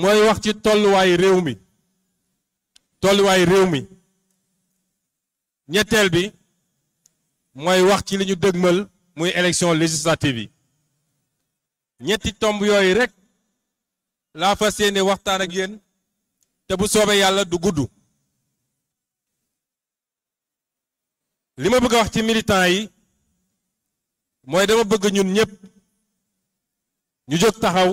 mooy wax ci tolluwaayu réew mi tolluwaayu réew mi ñetteel bi mooy wax ci li ñu dëgmal muy élection législative yi ñetti tomb yooyu rek laa fas yéene waxtaan ak yéen te bu soobee yàlla du gudd li ma bëgg a wax ci militant yi mooy dama bëgg ñun ñëpp ñu jóg taxaw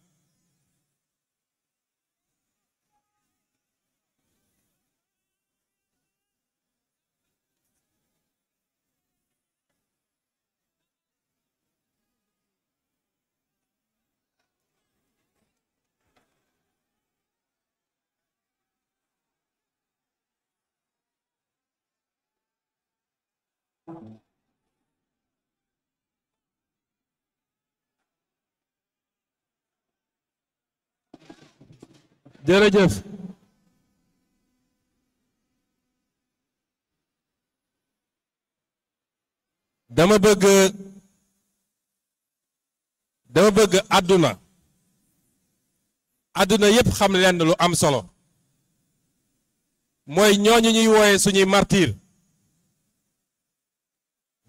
jërëjëf dama bëgg dama bëgg àdduna àdduna yépp xam leen lu am solo mooy ñooñu ñuy wooye suñuy martir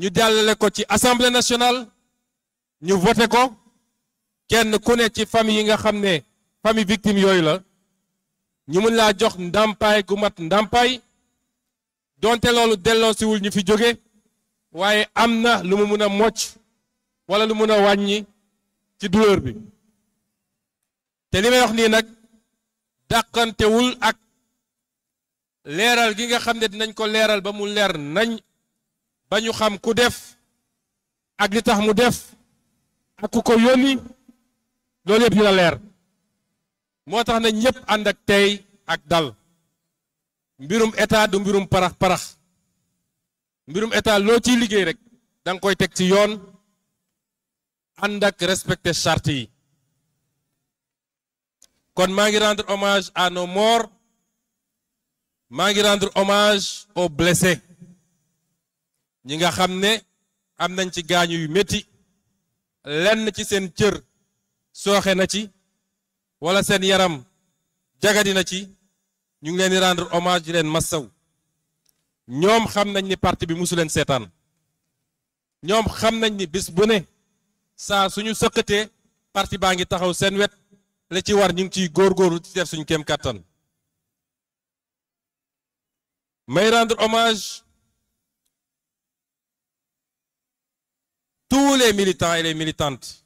ñu jàllale ko ci assemblée nationale ñu voté ko kenn ku ne ci famille yi nga xamné ne famille victime yoy la ñu mën la jox ndampay gu mat ndàmpaay donte loolu wul ñu fi wala lu mëna wañi ci douleur bi ak Léral, gi nga xamné dinañ ko Léral, ba mu bañu xam ku def ak li tax mu def ak ku ko yoni lolé yëpp dina leer motax na ñepp and ak tay ak dal mbirum état du mbirum parax parax mbirum état lo ci liggéey rek dang koy tek ci yoon and ak respecté charte yi kon ma ngi rendre hommage à nos morts ma ngi rendre hommage aux blessés ñi nga xam ne am nañ ci gaañu yu métti lenn ci seen cër sooxe na ci wala seen yaram jagadi na ci ñu ngi leen di rendre omage di leen massaw ñoom xam nañ ni parti bi musu leen seetaan ñoom xam nañ ni bis bu ne saa suñu sëqatee parti baa ngi taxaw seen wet la ci war ñu ngi ciy góorgóorlu ci def suñ kem kàttan may rendre hommage tous les militants et les militantes,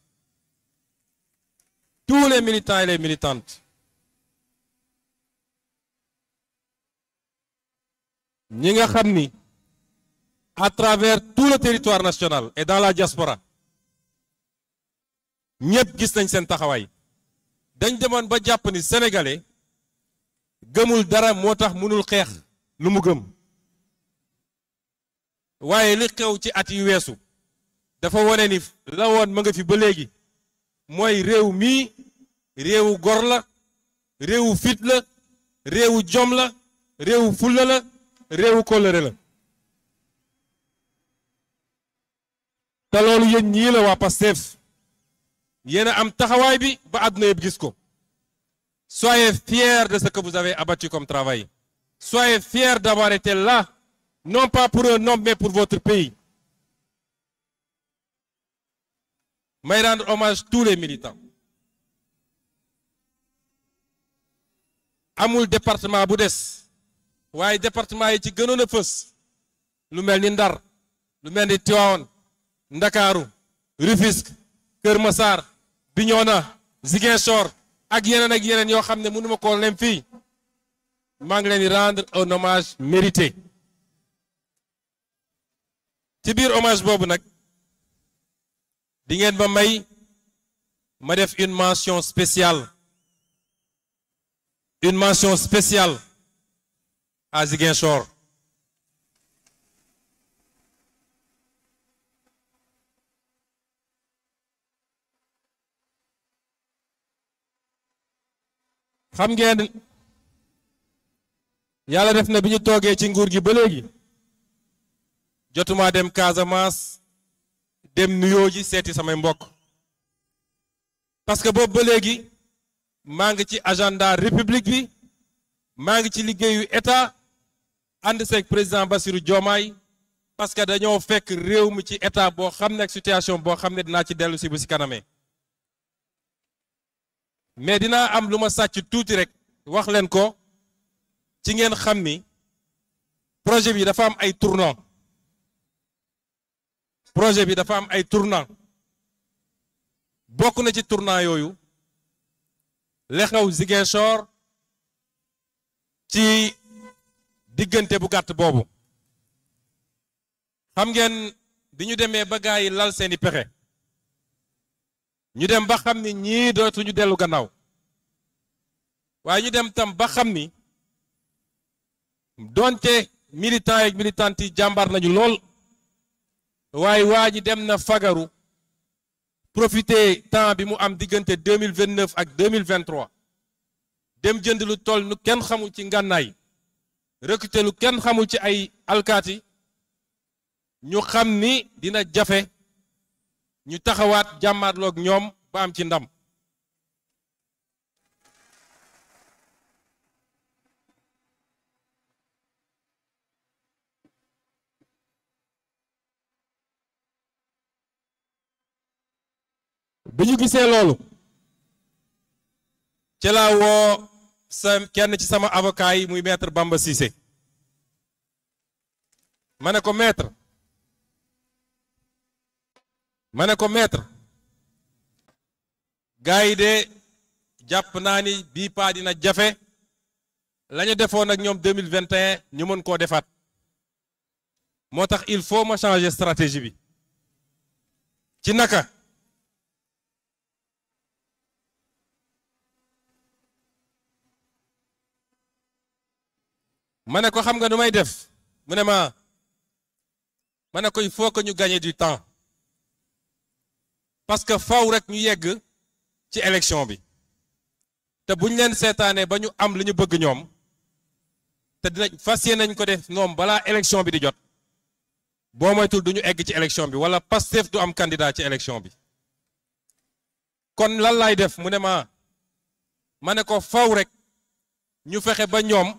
tous les militants et les militantes, à travers tout le territoire national et dans la diaspora, nyep gis nañ seen taxawaay dañ ba ni sénégalais gamul dara moo munul mënul xeex lu mu gëm waaye dafa wane ni la won ma nga fi ba léegi mooy réew mii réewu gor la rew fit la rew jom la rew ful la rew kóllëre la ta lolou yéen ñi la wa Pastef yéen am taxaway bi ba adna yeb gis ko soyez fiers de ce que vous avez abattu comme travail soyez fiers d'avoir été là non pas pour un homme mais pour votre pays may rendre hommage tous les militants amul département bu des département yi ci le a fës lu mel ni Ndar lu mel Ndakaaru Rufisque Kër Massar Bignona Ziguinchor ak yeneen ak yeneen yoo xam ne mënuma pas lem fii ngi rendre un hommage mérité ci biir hommage boobu nag di ngeen ba may ma def une mention spéciale une mention spéciale à Ziguinchor xam ngeen yàlla def na bi ñu toogee ci nguur gi ba léegi jotumaa dem Casamance dem nuyoo ji sama parce que boobu ba l'égui, ci agenda république bi ma nga ci ligueyu état président Bassirou parce que dañu fekk ci état bo xamné situation bo xamné dina ci mais dina am rek wax projet bi dafa am ay tournant projet bi dafa am ay tournant bokk na ci tournant yooyu li xew Ziguinchor ci diggante bu gàtt boobu xam ngeen bi ñu demee ba gaa yi lal seeni pexe ñu dem ba xam ni ñii dootuñu dellu gannaaw waaye ñu dem tam ba xam ni doonte militants yi militantes yi jàmbaar nañu lool waye waa demna dem na fagaru profiter temps bi mu am diggante 2029 ak 2023 dem jënd lu toll nu kenn xamul ci ngànnaay recruter lu kenn xamul ci ay ñu xamni dina jafe ñu taxawaat jàmmaarloog ñom ba am ci ndam biñu gisé lolu ci la wo kenn ci sama avocat yi muy maître Bamba Cissé mané ko maître mané ko maître gaay dé japp jàpp naa ni bii paa dina jafé lañu ñu ak 2021 ñu mën ko défat motax il faut ma changer stratégie bi ci naka mané ko xam nga nu may def mune ma mané ko il faut que ñu gagner du temps parce que faw rek ñu yegg ci élection bi té buñ leen sétané ba ñu am li ñu bëgg ñom té dinañ fas nañ ko def ñom balaa élection bi di jot bo moytul du duñu egg ci élection bi wala Pastef du am candidat ci élection bi kon lan lay def mune ma mané ko faw rek ñu fexé ba ñom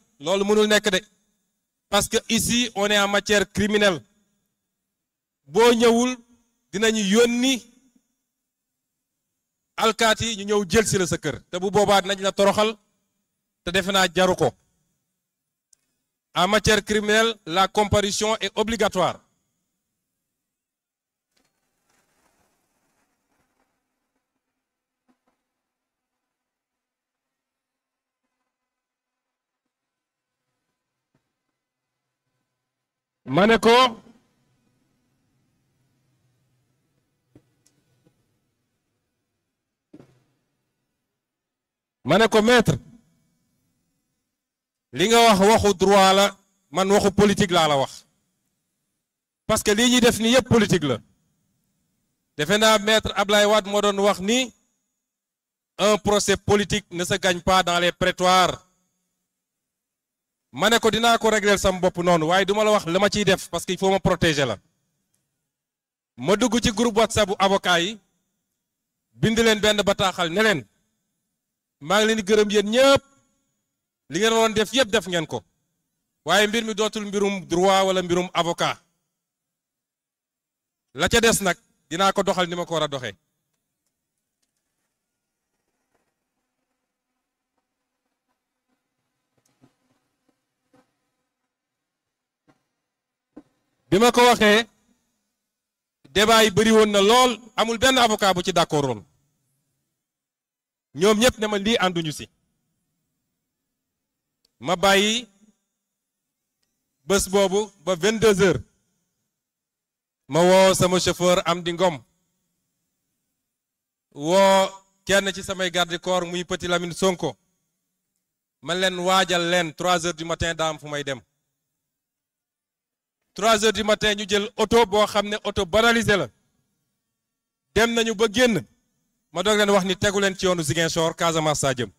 lolou mënul nek de parce que ici on est en matière criminelle bo ñewul dinañu yoni alkaat ñu ñew jël si la sa kër te bu boba dinañ la toroxal te defe na jaruko ko en matière criminelle la comparution est obligatoire Maneko Maneko maître li nga wax waxu droit la man waxu politique la wax parce que li ñi def ni politique la suis maître Ablaye Wade un procès politique ne se gagne pas dans les prétoires mané ko dina ko régler sama bop non waye duma la wax lama ma ciy def parce qu'il faut me protéger la ma dugg ci groupe whatsapp bu avocat yi bind leen ben bataxal ne leen ma ngi leen di gëreum yeen ñepp li ngeen won def yeb def ngeen ko waye mbir mi dotul mbirum droit wala mbirum avocat la ca dess nak dina ko doxal nima ko wara doxé bi ma ko waxee débat yi bëri woon na lool amul benn avocat bu ci d'accord woon ñoom ñëpp ne ma lii ànduñu si ma bàyyi bës boobu ba 22 heures ma woo sama chauffeur am di ngom woo kenn ci samay garde corps muy Petit Lamine Sonko man leen waajal leen trois heures du matin daa am fu may dem 3 heures du matin ñu jël auto bo xamné auto oto banalisé la dem nañu ba génn ma dog leen wax ni tegu leen ci yoonu Ziguin Sor Casamance sa jëm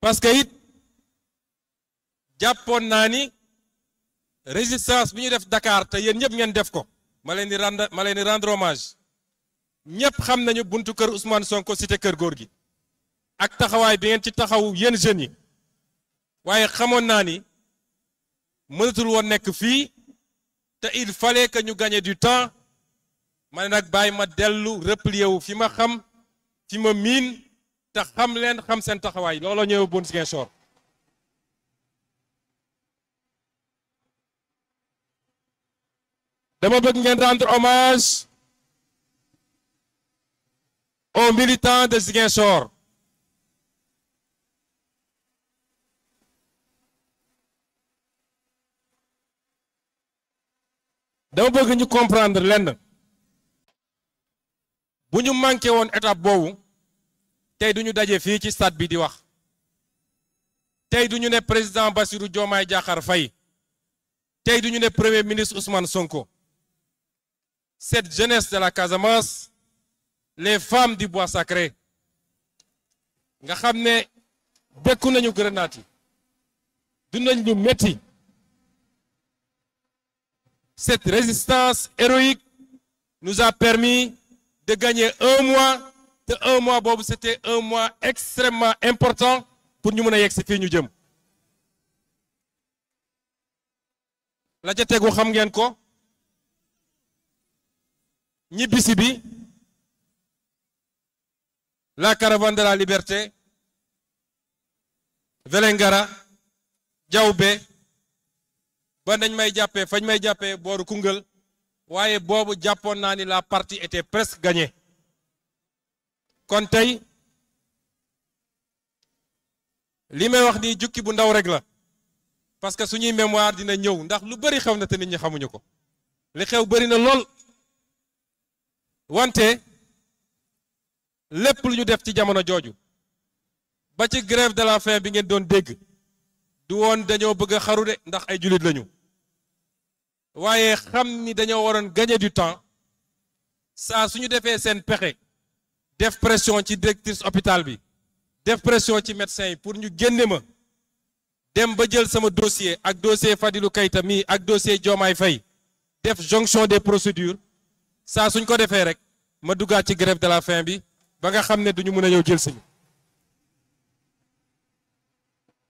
parce que it jàppoon naa ni résistance bi ñu def Dakar te yeen ñep ngeen def ko ma leen di rendre ma leen di rendre hommage ñëpp xam nañu buntu kër Ousmane Sonko cité kër gor gi ak taxaway bi ngeen ci taxaw yeen jeune yi waye xamoon naa ni mënatul woon nekk fii te il fallait que ñu gagner du temps ma nak nag bàyyi ma dellu replier wu fi ma xam fi ma min te xam leen xam seen taxawaay looloo ñëw bon Ziguinchor dama bëgg ngeen rendre hommage aux militants de Ziguinchor dama bëgg ñu comprendre lenn bu ñu manqué woon étape boobu tey duñu daje fii ci stade bi di wax tey duñu ne président Bassirou Diomaye Diakhar Faye tey duñu premier ministre Ousmane Sonko cette jeunesse de la Casamance les femmes du bois sacré nous avons beaucoup de nañu nous nous dunañ cette résistance héroïque nous a permis de gagner un mois de un mois c'était un mois extrêmement important pour nous mëna yex la ñibbisi bi la caravane de la liberté Vélingara Diaoubé ba nañ may jàppee fañ may jàppee booru Koungheul waaye boobu jàppoon naa ni la partie était presque gañe kon tey li may wax nii jukki bu ndaw rek la parce que suñuy mémoire dina ñëw ndax lu bëri xew na te nit ñi xamuñu ko li xew bëri na lool wante lépp lu ñu def ci jamono jooju ba ci grève de la faim bi ngeen doon dégg du woon dañoo bëgg xaru de ndax ay julit lañu waaye xam ni dañoo waroon gagner du temps saa suñu defee seen pexe def pression ci directrice hôpital bi def pression ci médecin yi pour ñu génne ma dem ba jël sama dossier ak dossier Fadilou Keïta mi ak dossier Diomaye Faye def jonction des procédures saa suñ ko defee rek ma duggaat ci grève de la faim bi ba nga xam ne duñu mën a ñëw jël siñu